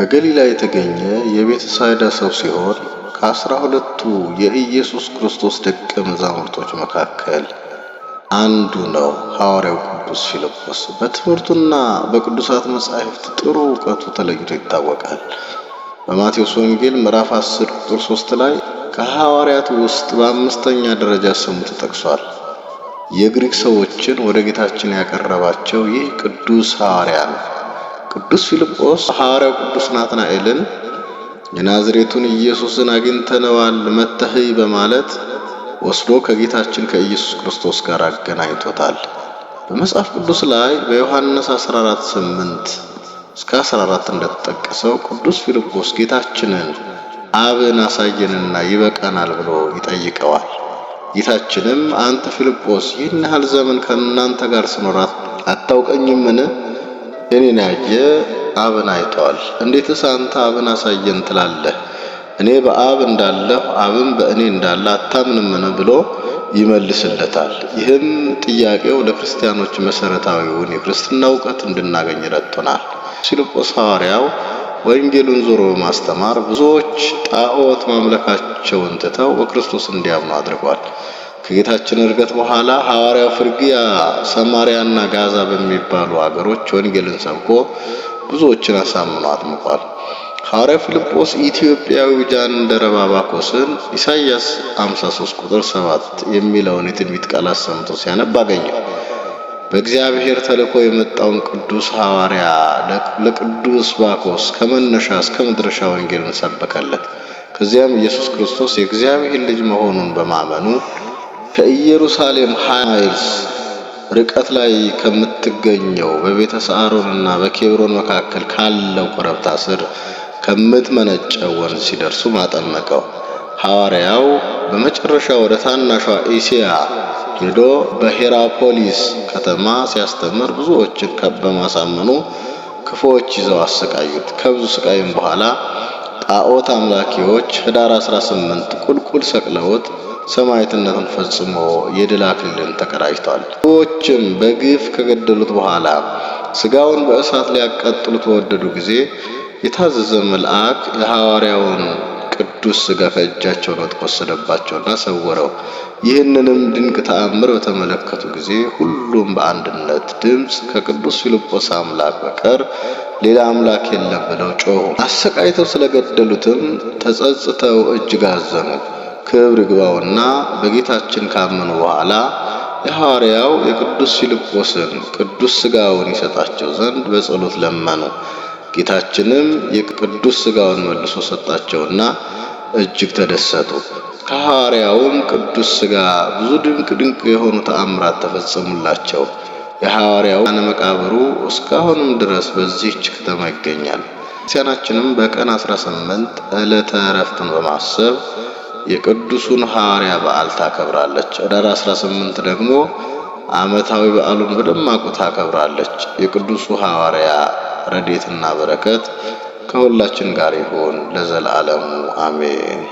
ከገሊላ የተገኘ የቤተሳይዳ ሰው ሲሆን ከአስራ ሁለቱ የኢየሱስ ክርስቶስ ደቀ መዛሙርቶች መካከል አንዱ ነው። ሐዋርያው ቅዱስ ፊልጶስ በትምህርቱና በቅዱሳት መጻሕፍት ጥሩ እውቀቱ ተለይቶ ይታወቃል። በማቴዎስ ወንጌል ምዕራፍ 10 ቁጥር 3 ላይ ከሐዋርያት ውስጥ በአምስተኛ ደረጃ ስሙ ተጠቅሷል። የግሪክ ሰዎችን ወደ ጌታችን ያቀረባቸው ይህ ቅዱስ ሐዋርያ ነው። ቅዱስ ፊልጶስ ሐዋርያው ቅዱስ ናትናኤልን የናዝሬቱን ኢየሱስን አግኝተነዋል መተህ በማለት ወስዶ ከጌታችን ከኢየሱስ ክርስቶስ ጋር አገናኝቶታል። በመጽሐፍ ቅዱስ ላይ በዮሐንስ 14 8 እስከ 14 እንደተጠቀሰው ቅዱስ ፊልጶስ ጌታችንን አብን አሳየንና ይበቃናል ብሎ ይጠይቀዋል። ጌታችንም አንተ ፊልጶስ ይህን ያህል ዘመን ከእናንተ ጋር ስኖር አታውቀኝምን? እኔን ያየ አብን አይቷል። እንዴትስ አንተ አብን አሳየን ትላለህ? እኔ በአብ እንዳለሁ አብም በእኔ እንዳለ አታምንምን ብሎ ይመልስለታል። ይህም ጥያቄው ለክርስቲያኖች መሰረታዊውን የክርስትና እውቀት እንድናገኝ ረድቶናል። ፊልጶስ ሐዋርያው ወንጌሉን ዞሮ በማስተማር ብዙዎች ጣዖት ማምለካቸውን ትተው በክርስቶስ እንዲያምኑ አድርጓል። ከጌታችን እርገት በኋላ ሐዋርያው ፍርግያ፣ ሰማሪያና ጋዛ በሚባሉ አገሮች ወንጌልን ሰብኮ ብዙዎችን አሳምኖ አጥምቋል። ሐዋርያው ፊልጶስ ኢትዮጵያዊ ጃንደረባ ባኮስን ኢሳይያስ 53 ቁጥር 7 የሚለውን የትንቢት ቃል አሰምቶ ሲያነብ አገኘው። በእግዚአብሔር ተልኮ የመጣውን ቅዱስ ሐዋርያ ለቅዱስ ባኮስ ከመነሻ እስከ መድረሻ ወንጌልን ሰበከለት። ከዚያም ኢየሱስ ክርስቶስ የእግዚአብሔር ልጅ መሆኑን በማመኑ ከኢየሩሳሌም ሃያ ርቀት ላይ ከምትገኘው በቤተ ሳዕሮንና በኬብሮን መካከል ካለው ኮረብታ ስር ከምትመነጨው ወንዝ ሲደርሱ ማጠመቀው። ሐዋርያው በመጨረሻ ወደ ታናሿ እስያ ሄዶ በሄራፖሊስ ከተማ ሲያስተምር ብዙዎችን በማሳመኑ ክፉዎች ይዘው አሰቃዩት። ከብዙ ስቃይም በኋላ ጣዖት አምላኪዎች ህዳር 18 ቁልቁል ሰቅለውት ሰማይትነትን ፈጽሞ የድል አክሊልን ተቀዳጅቷል። ሰዎችም በግፍ ከገደሉት በኋላ ስጋውን በእሳት ሊያቃጥሉት በወደዱ ጊዜ የታዘዘ መልአክ የሐዋርያውን ቅዱስ ስጋ ከእጃቸው ነጥቆ ወሰደባቸውና ሰወረው። ይህንንም ድንቅ ተአምር በተመለከቱ ጊዜ ሁሉም በአንድነት ድምፅ ከቅዱስ ፊልጶስ አምላክ በቀር ሌላ አምላክ የለም ብለው ጮሆ አሰቃይተው ስለገደሉትም ተጸጽተው እጅግ አዘኑ። ክብር ይግባውና በጌታችን ካመኑ በኋላ የሐዋርያው የቅዱስ ፊልጶስን ቅዱስ ሥጋውን ይሰጣቸው ዘንድ በጸሎት ለመኑ። ጌታችንም የቅዱስ ሥጋውን መልሶ ሰጣቸውና እጅግ ተደሰቱ። ከሐዋርያውም ቅዱስ ሥጋ ብዙ ድንቅ ድንቅ የሆኑ ተአምራት ተፈጸሙላቸው። የሐዋርያው መቃብሩ እስካሁንም ድረስ በዚህች ከተማ ይገኛል። ክርስቲያናችንም በቀን 18 ዕለተ ዕረፍትን በማሰብ የቅዱሱን ሐዋርያ በዓል ታከብራለች። ኅዳር 18 ደግሞ ዓመታዊ በዓሉን በደማቁ ታከብራለች። የቅዱሱ ሐዋርያ ረዴትና በረከት ከሁላችን ጋር ይሁን ለዘላለሙ አሜን።